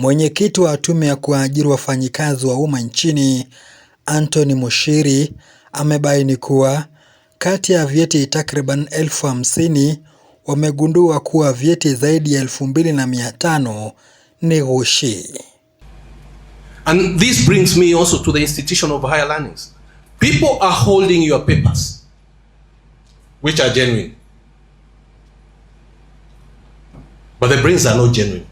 Mwenyekiti wa Tume ya kuajiri Wafanyikazi wa Umma nchini, Anthony Mushiri amebaini kuwa kati ya vyeti takriban elfu hamsini wamegundua kuwa vyeti zaidi ya elfu mbili na mia tano ni ghushi. And this brings me also to the institution of higher learnings. People are holding your papers which are genuine. But the brains are not genuine.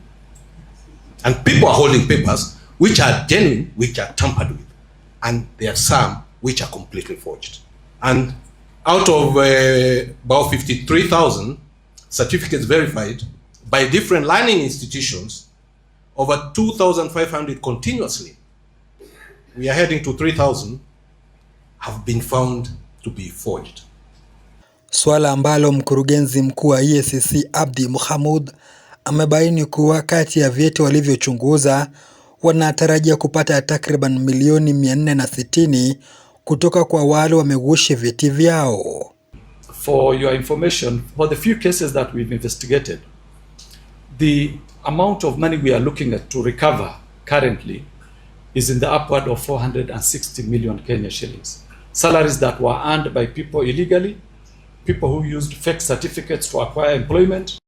And people are holding papers which are genuine, which are tampered with. And there are some which are completely forged. And out of uh, about 53,000 certificates verified by different learning institutions, over 2,500 continuously, we are heading to 3,000, have been found to be forged. Swala ambalo mkurugenzi mkuu wa EACC Abdi Mohamud amebaini kuwa kati ya vyeti walivyochunguza wanatarajia kupata takriban milioni 460 kutoka kwa wale wameghushi vyeti vyao. For your information, for the few cases that we've investigated, the amount of money we are looking at to recover currently is in the upward of 460 million Kenya shillings. Salaries that were earned by people illegally, people who used fake certificates to acquire employment.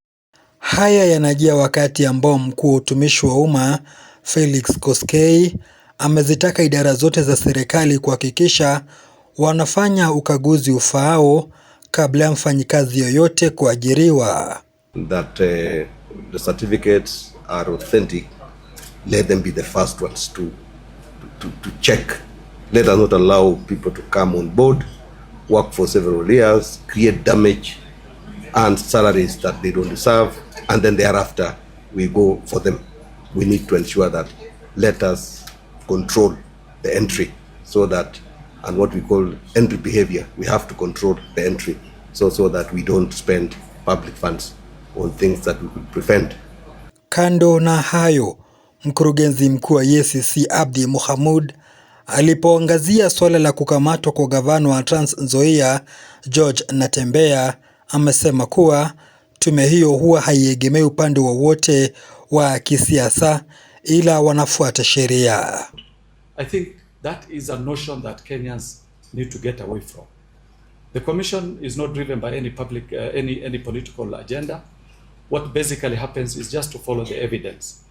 Haya yanajia wakati ambao mkuu wa utumishi wa umma Felix Koskei amezitaka idara zote za serikali kuhakikisha wanafanya ukaguzi ufaao kabla ya mfanyikazi yoyote kuajiriwa. That, uh, the certificates are authentic. Let them be the first ones to, to, to check. Let us not allow people to come on board, work for several years, create damage and salaries that they don't deserve and then thereafter we go for them. We need to ensure that let us control the entry so that and what we call entry behavior, we have to control the entry so, so that we don't spend public funds on things that we could prevent. Kando na hayo, mkurugenzi mkuu wa EACC Abdi Mohamud alipoangazia suala la kukamatwa kwa gavana wa Trans Nzoia George Natembeya amesema kuwa Tume hiyo huwa haiegemei upande wowote wa, wa kisiasa ila wanafuata sheria. I think that is a notion that Kenyans need to get away from. The commission is not driven by any public, uh, any, any political agenda. What basically happens is just to follow the evidence.